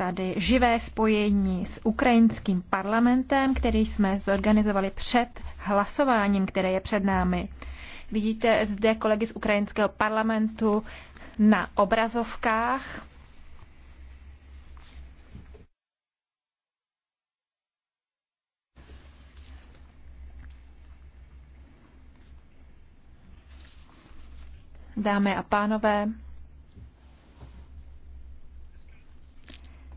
tady živé spojení s ukrajinským parlamentem, který jsme zorganizovali před hlasováním, které je před námi. Vidíte zde kolegy z ukrajinského parlamentu na obrazovkách. Dámy a pánové,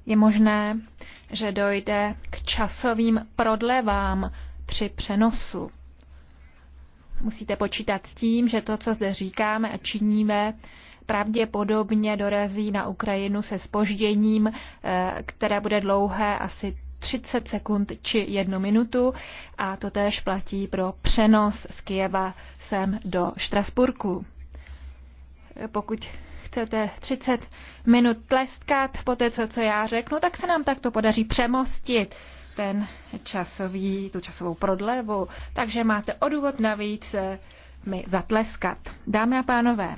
je možné, že dojde k časovým prodlevám při přenosu. Musíte počítat s tím, že to, co zde říkáme a činíme, pravděpodobně dorazí na Ukrajinu se spožděním, eh, které bude dlouhé asi 30 sekund či jednu minutu a to též platí pro přenos z Kijeva sem do Štrasburku. Pokud chcete 30 minut tleskat po té, co, co já řeknu, tak se nám takto podaří přemostit ten časový, tu časovou prodlevu. Takže máte odůvod navíc eh, mi zatleskat. Dámy a pánové,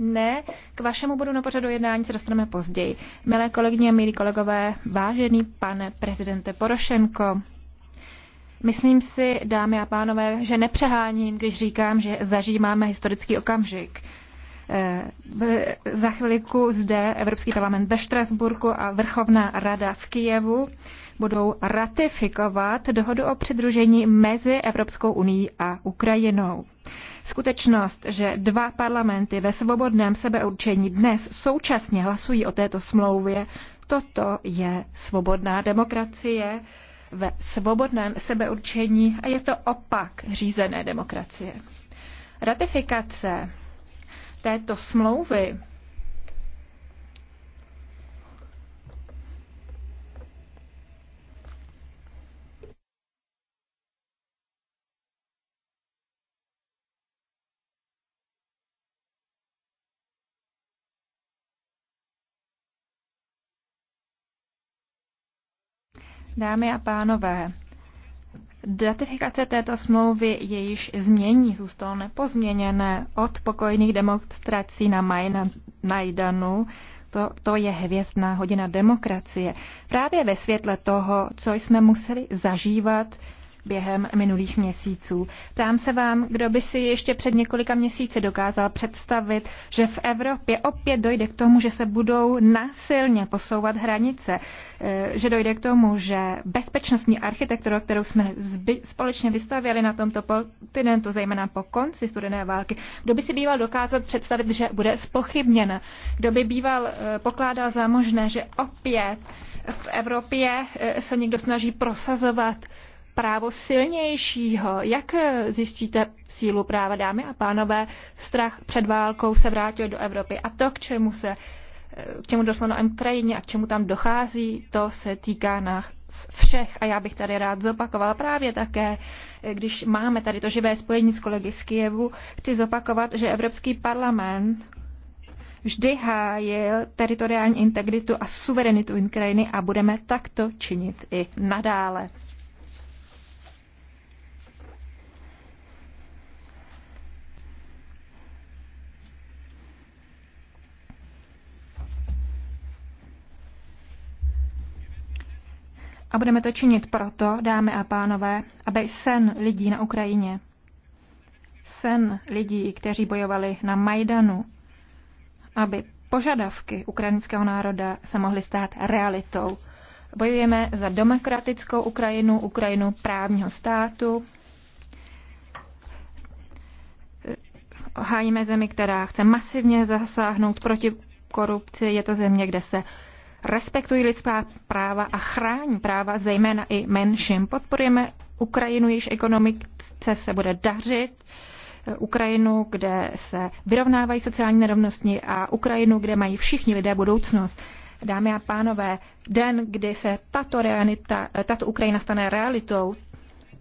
Ne, k vašemu bodu na pořadu jednání se dostaneme později. Milé kolegyně, milí kolegové, vážený pane prezidente Porošenko, Myslím si, dámy a pánové, že nepřeháním, když říkám, že zažíváme historický okamžik. Eh, za chvilku zde Evropský parlament ve Štrasburku a Vrchovná rada v Kijevu budou ratifikovat dohodu o přidružení mezi Evropskou unii a Ukrajinou. Skutečnost, že dva parlamenty ve svobodném sebeurčení dnes současně hlasují o této smlouvě, toto je svobodná demokracie, ve svobodném sebeurčení a je to opak řízené demokracie. Ratifikace této smlouvy Dámy a pánové, Ratifikace této smlouvy je již změní, zůstalo nepozměněné od pokojných demonstrací na Majdanu. To, to je hvězdná hodina demokracie. Právě ve světle toho, co jsme museli zažívat během minulých měsíců. Ptám se vám, kdo by si ještě před několika měsíci dokázal představit, že v Evropě opět dojde k tomu, že se budou násilně posouvat hranice, eh, že dojde k tomu, že bezpečnostní architektura, kterou jsme zby, společně vystavěli na tomto kontinentu, zejména po konci studené války, kdo by si býval dokázat představit, že bude spochybněna, kdo by býval eh, pokládal za možné, že opět v Evropě eh, se někdo snaží prosazovat právo silnějšího. Jak eh, zjistíte sílu práva, dámy a pánové? Strach před válkou se vrátil do Evropy a to, k čemu se eh, k čemu došlo na Ukrajině a k čemu tam dochází, to se týká nás všech. A já bych tady rád zopakovala právě také, eh, když máme tady to živé spojení s kolegy z Kijevu, chci zopakovat, že Evropský parlament vždy hájil teritoriální integritu a suverenitu Ukrajiny a budeme takto činit i nadále. budeme to činit proto, dámy a pánové, aby sen lidí na Ukrajině, sen lidí, kteří bojovali na Majdanu, aby požadavky ukrajinského národa se mohly stát realitou. Bojujeme za demokratickou Ukrajinu, Ukrajinu právního státu. Hájíme zemi, která chce masivně zasáhnout proti korupci. Je to země, kde se respektují lidská práva a chrání práva zejména i menším. Podporujeme Ukrajinu, již ekonomice se bude dařit, eh, Ukrajinu, kde se vyrovnávají sociální nerovnosti a Ukrajinu, kde mají všichni lidé budoucnost. Dámy a pánové, den, kdy se tato, realita, eh, tato Ukrajina stane realitou,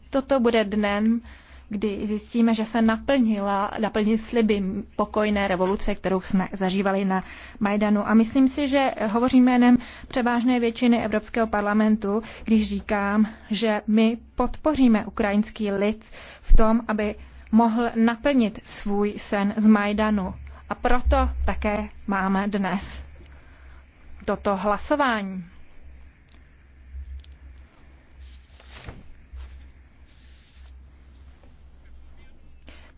toto bude dnem, kdy zjistíme, že se naplnila, naplnili sliby pokojné revoluce, kterou jsme zažívali na Majdanu. A myslím si, že hovořím jménem převážné většiny Evropského parlamentu, když říkám, že my podpoříme ukrajinský lid v tom, aby mohl naplnit svůj sen z Majdanu. A proto také máme dnes toto hlasování.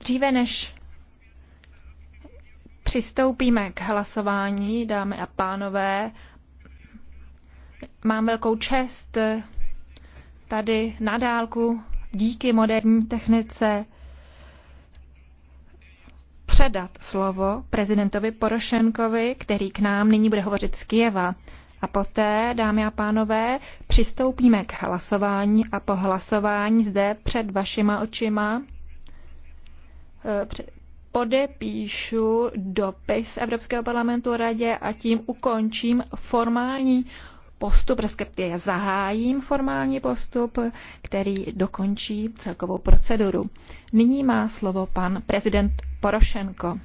Dříve než přistoupíme k hlasování, dámy a pánové, mám velkou čest tady na dálku díky moderní technice předat slovo prezidentovi Porošenkovi, který k nám nyní bude hovořit z Kijeva. A poté, dámy a pánové, přistoupíme k hlasování a po hlasování zde před vašima očima Eh, podepíšu dopis Evropského parlamentu radě a tím ukončím formální postup, respektive zahájím formální postup, který dokončí celkovou proceduru. Nyní má slovo pan prezident Porošenko.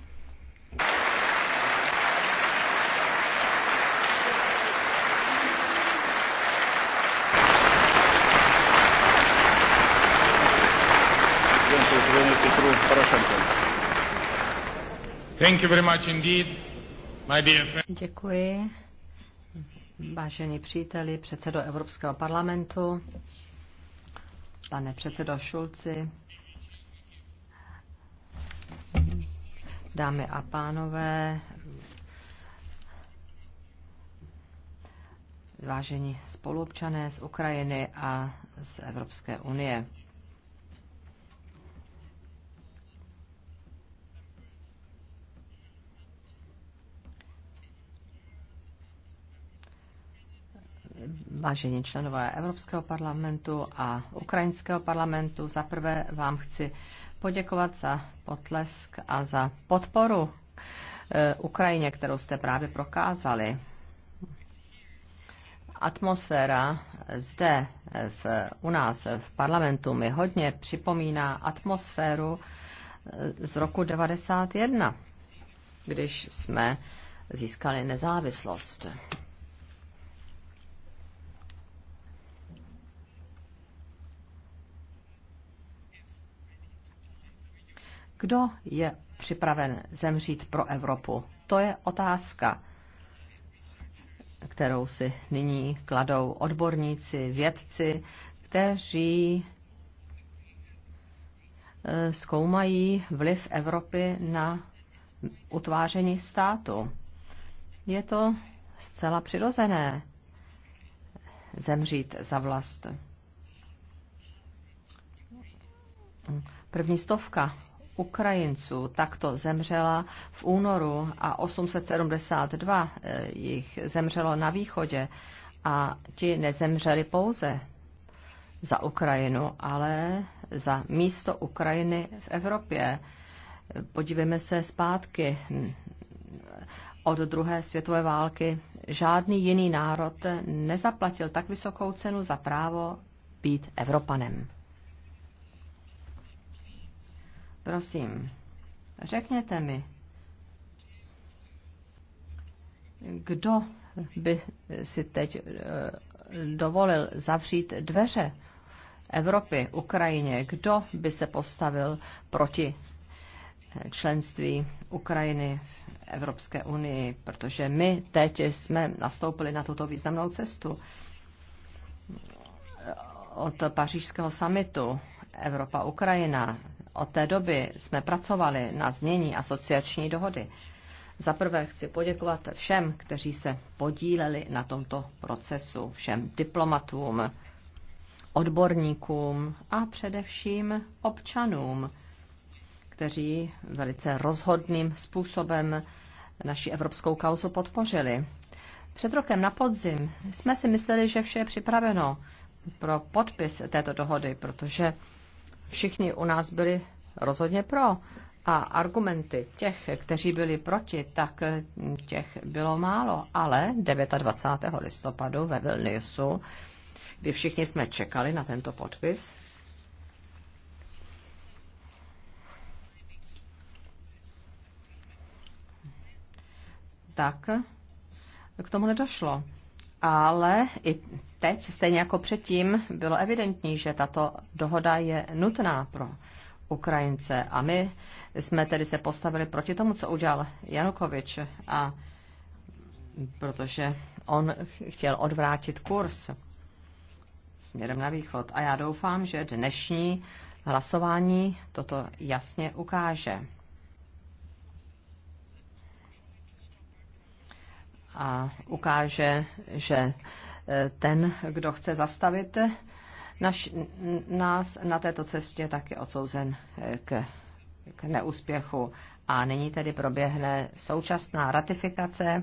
Mr. Petru Thank you very much indeed, my dear friend. Děkuji. Vážení příteli, předsedo Evropského parlamentu, pane předsedo Šulci, dámy a pánové, vážení spoluobčané z Ukrajiny a z Evropské unie. vážení členové Evropského parlamentu a Ukrajinského parlamentu, zaprvé vám chci poděkovat za potlesk a za podporu eh, Ukrajině, kterou jste právě prokázali. Atmosféra zde eh, v, u nás eh, v parlamentu mi hodně připomíná atmosféru z roku 1991, když jsme získali nezávislost. Kdo je připraven zemřít pro Evropu? To je otázka, kterou si nyní kladou odborníci, vědci, kteří eh, zkoumají vliv Evropy na utváření státu. Je to zcela přirozené zemřít za vlast. První stovka Ukrajinců takto zemřela v únoru a 872 eh, jich zemřelo na východě. A ti nezemřeli pouze za Ukrajinu, ale za místo Ukrajiny v Evropě. Podívejme se zpátky. Od druhé světové války žádný jiný národ nezaplatil tak vysokou cenu za právo být Evropanem. Prosím, řekněte mi, kdo by si teď eh, dovolil zavřít dveře Evropy, Ukrajině, kdo by se postavil proti eh, členství Ukrajiny v Evropské unii, protože my teď jsme nastoupili na tuto významnou cestu eh, od pařížského samitu Evropa-Ukrajina od té doby jsme pracovali na znění asociační dohody. Za prvé chci poděkovat všem, kteří se podíleli na tomto procesu, všem diplomatům, odborníkům a především občanům, kteří velice rozhodným způsobem naši evropskou kauzu podpořili. Před rokem na podzim jsme si mysleli, že vše je připraveno pro podpis této dohody, protože všichni u nás byli rozhodně pro. A argumenty těch, kteří byli proti, tak těch bylo málo. Ale 29. listopadu ve Vilniusu, kdy všichni jsme čekali na tento podpis, tak k tomu nedošlo ale i teď, stejně jako předtím, bylo evidentní, že tato dohoda je nutná pro Ukrajince. A my jsme tedy se postavili proti tomu, co udělal Janukovič, a protože on chtěl odvrátit kurz směrem na východ. A já doufám, že dnešní hlasování toto jasně ukáže. a ukáže, že e, ten, kdo chce zastavit e, naš, nás na této cestě, tak je odsouzen e, k, k neúspěchu. A nyní tedy proběhne současná ratifikace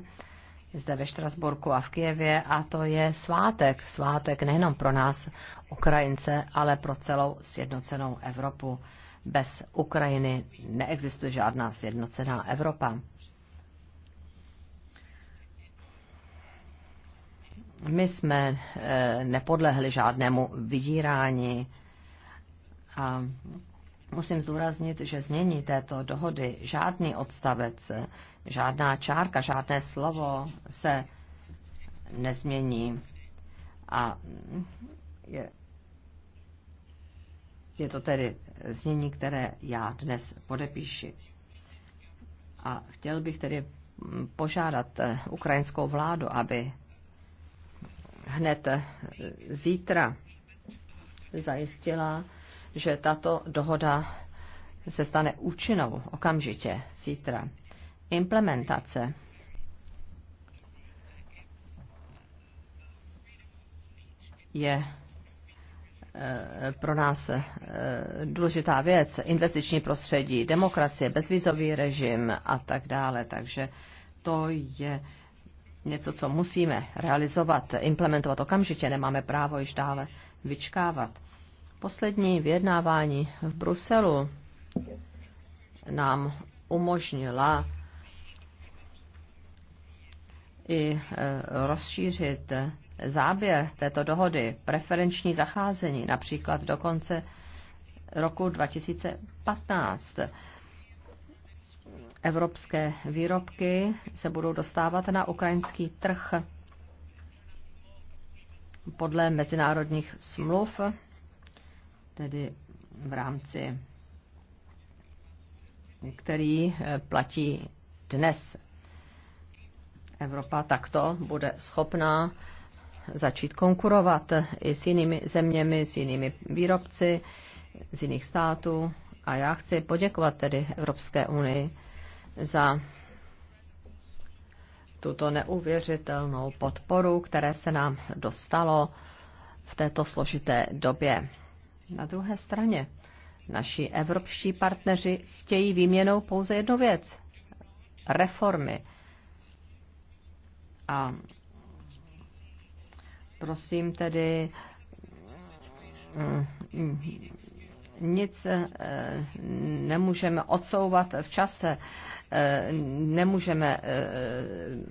zde ve Štrasburku a v Kijevě a to je svátek. Svátek nejenom pro nás, Ukrajince, ale pro celou sjednocenou Evropu. Bez Ukrajiny neexistuje žádná sjednocená Evropa. My jsme eh, nepodlehli žádnému vydírání a musím zdůraznit, že znění této dohody žádný odstavec, žádná čárka, žádné slovo se nezmění. A je, je to tedy znění, které já dnes podepíši. A chtěl bych tedy požádat eh, ukrajinskou vládu, aby hned zítra zajistila, že tato dohoda se stane účinnou okamžitě zítra. Implementace je eh, pro nás eh, důležitá věc, investiční prostředí, demokracie, bezvizový režim a tak dále. Takže to je něco, co musíme realizovat, implementovat okamžitě, nemáme právo již dále vyčkávat. Poslední vyjednávání v Bruselu nám umožnila i e, rozšířit záběr této dohody, preferenční zacházení, například do konce roku 2015 evropské výrobky se budou dostávat na ukrajinský trh podle mezinárodních smluv, tedy v rámci, který eh, platí dnes. Evropa takto bude schopná začít konkurovat i s jinými zeměmi, s jinými výrobci z jiných států. A já chci poděkovat tedy Evropské unii za tuto neuvěřitelnou podporu, které se nám dostalo v této složité době. Na druhé straně naši evropští partneři chtějí výměnou pouze jednu věc reformy. A prosím tedy mm, nic eh, nemůžeme odsouvat v čase, eh, nemůžeme eh,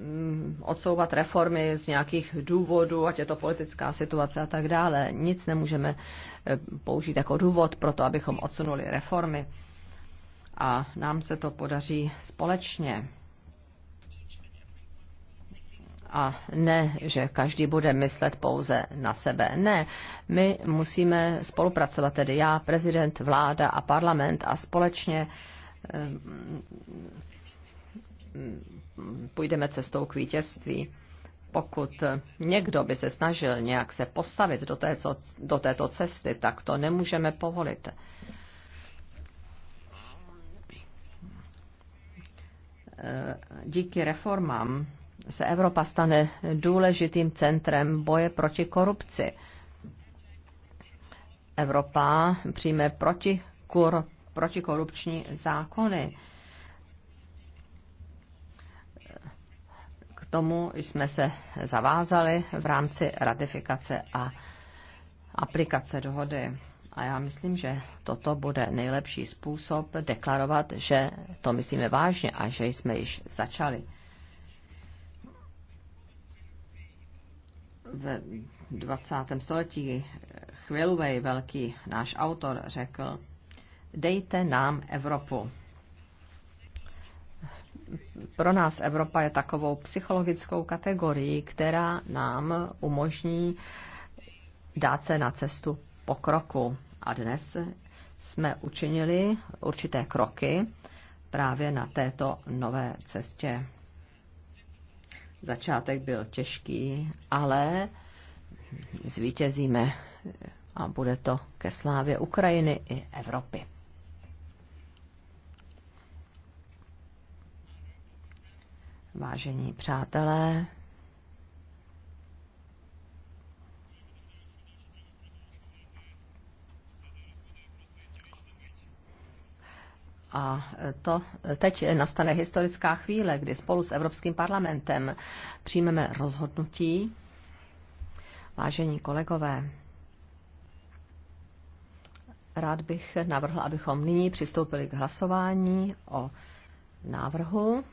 mm, odsouvat reformy z nějakých důvodů, ať je to politická situace a tak dále. Nic nemůžeme použít jako důvod pro to, abychom odsunuli reformy. A nám se to podaří společně a ne, že každý bude myslet pouze na sebe. Ne, my musíme spolupracovat, tedy já, prezident, vláda a parlament a společně ehm, půjdeme cestou k vítězství. Pokud někdo by se snažil nějak se postavit do, té, co, do této cesty, tak to nemůžeme povolit. Ehm, díky reformám se Evropa stane důležitým centrem boje proti korupci. Evropa přijme proti protikorupční zákony. K tomu jsme se zavázali v rámci ratifikace a aplikace dohody. A já myslím, že toto bude nejlepší způsob deklarovat, že to myslíme vážně a že jsme již začali. ve 20. století Chvěluvej, velký náš autor, řekl, dejte nám Evropu. Pro nás Evropa je takovou psychologickou kategorií, která nám umožní dát se na cestu pokroku. A dnes jsme učinili určité kroky právě na této nové cestě Začátek byl těžký, ale zvítězíme a bude to ke slávě Ukrajiny i Evropy. Vážení přátelé, A to teď nastane historická chvíle, kdy spolu s Evropským parlamentem přijmeme rozhodnutí. Vážení kolegové, rád bych navrhl, abychom nyní přistoupili k hlasování o návrhu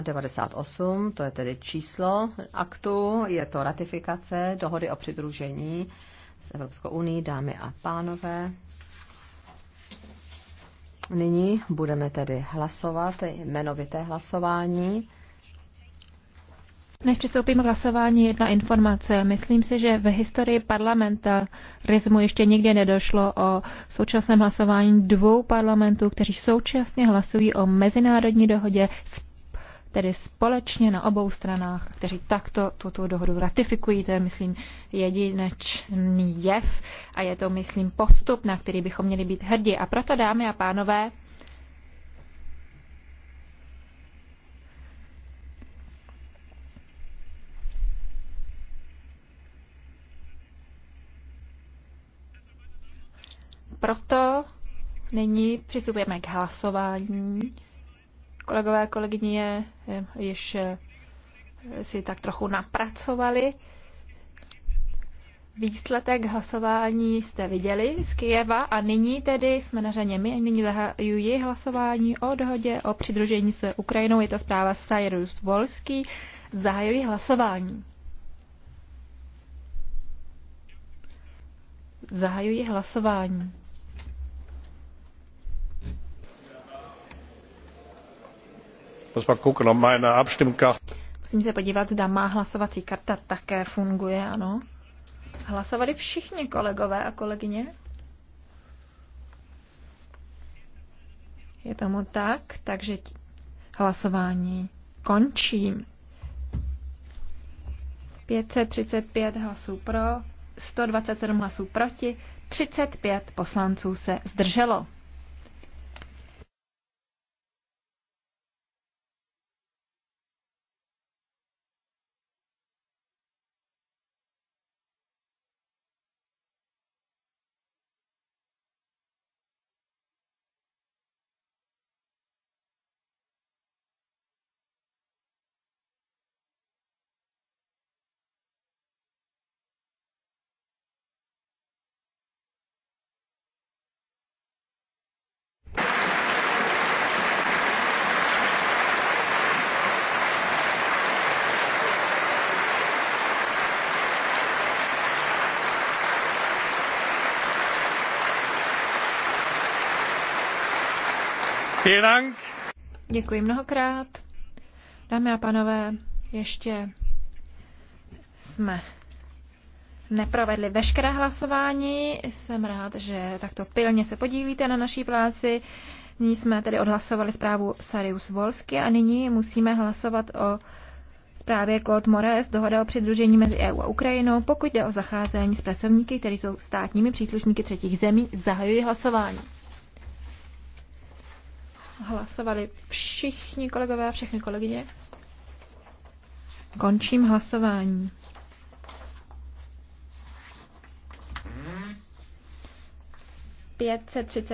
0098, to je tedy číslo aktu, je to ratifikace dohody o přidružení s Evropskou unii, dámy a pánové. Nyní budeme tedy hlasovat, jmenovité hlasování. Než přistoupím k hlasování, jedna informace. Myslím si, že v historii parlamentarismu ještě nikdy nedošlo o současném hlasování dvou parlamentů, kteří současně hlasují o mezinárodní dohodě s tedy společně na obou stranách, kteří takto tuto dohodu ratifikují. To je, myslím, jedinečný jev a je to, myslím, postup, na který bychom měli být hrdí. A proto, dámy a pánové, proto nyní přistupujeme k hlasování. Kolegové a kolegyně eh, již eh, si tak trochu napracovali. Výsledek hlasování jste viděli z Kijeva a nyní tedy jsme na řadě my. Nyní zahajují hlasování o dohodě o přidružení se Ukrajinou. Je to zpráva Cyrus Volský. Zahajují hlasování. Zahajují hlasování. Musím se podívat, zda má hlasovací karta také funguje, ano. Hlasovali všichni kolegové a kolegyně? Je tomu tak, takže hlasování končím. 535 hlasů pro, 127 hlasů proti, 35 poslanců se zdrželo. Děkuji mnohokrát. Dámy a pánové, ještě jsme neprovedli veškeré hlasování. Jsem rád, že takto pilně se podílíte na naší práci. Nyní jsme tedy odhlasovali zprávu Sarius Volsky a nyní musíme hlasovat o zprávě Claude Moraes dohoda o přidružení mezi EU a Ukrajinou, pokud jde o zacházení s pracovníky, kteří jsou státními příslušníky třetích zemí, zahajují hlasování. Hlasovali všichni kolegové a všechny kolegyně. Končím hlasování.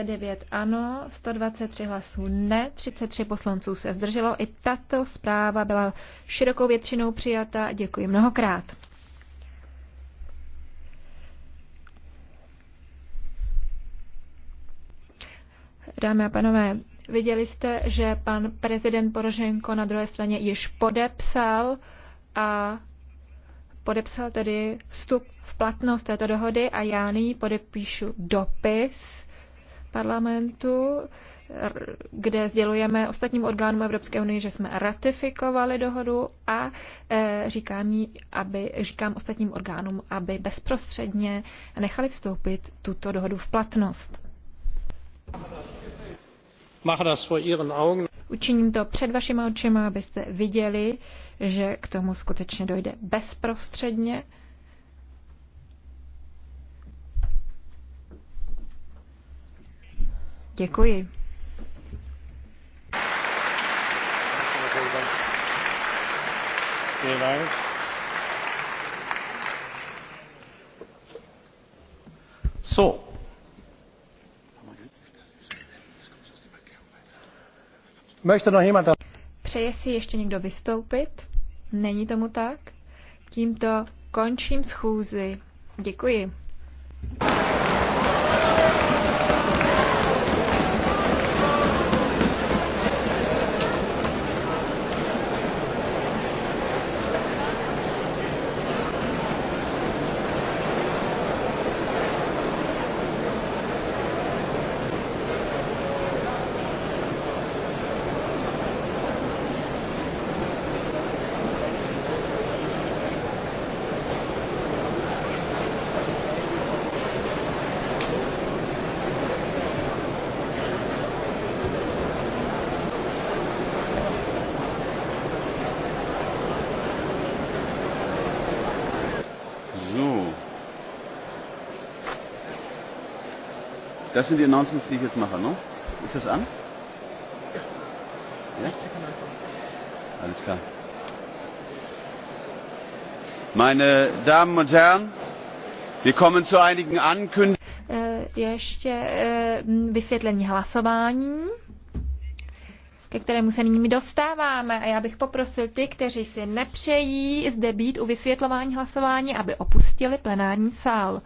devět ano, 123 hlasů ne, 33 poslanců se zdrželo. I tato zpráva byla širokou většinou přijata. Děkuji mnohokrát. Dámy a panové, Viděli jste, že pan prezident Poroženko na druhé straně již podepsal a podepsal tedy vstup v platnost této dohody a já nyní podepíšu dopis parlamentu, kde sdělujeme ostatním orgánům Evropské unie, že jsme ratifikovali dohodu a e, říkám, jí, aby, říkám ostatním orgánům, aby bezprostředně nechali vstoupit tuto dohodu v platnost. Učiním to před vašima očima, abyste viděli, že k tomu skutečně dojde bezprostředně. Děkuji. So, Přeje si ještě někdo vystoupit? Není tomu tak? Tímto končím schůzi. Děkuji. So. Das sind die Announcements, die ich jetzt mache, ne? Ist das an? Ja? Alles klar. Meine Damen und Herren, wir kommen zu einigen Ankündigungen. Äh, ještě äh, vysvětlení hlasování ke kterému se nyní dostáváme. A já bych poprosil ty, kteří si nepřejí zde být u vysvětlování hlasování, aby opustili plenární sál.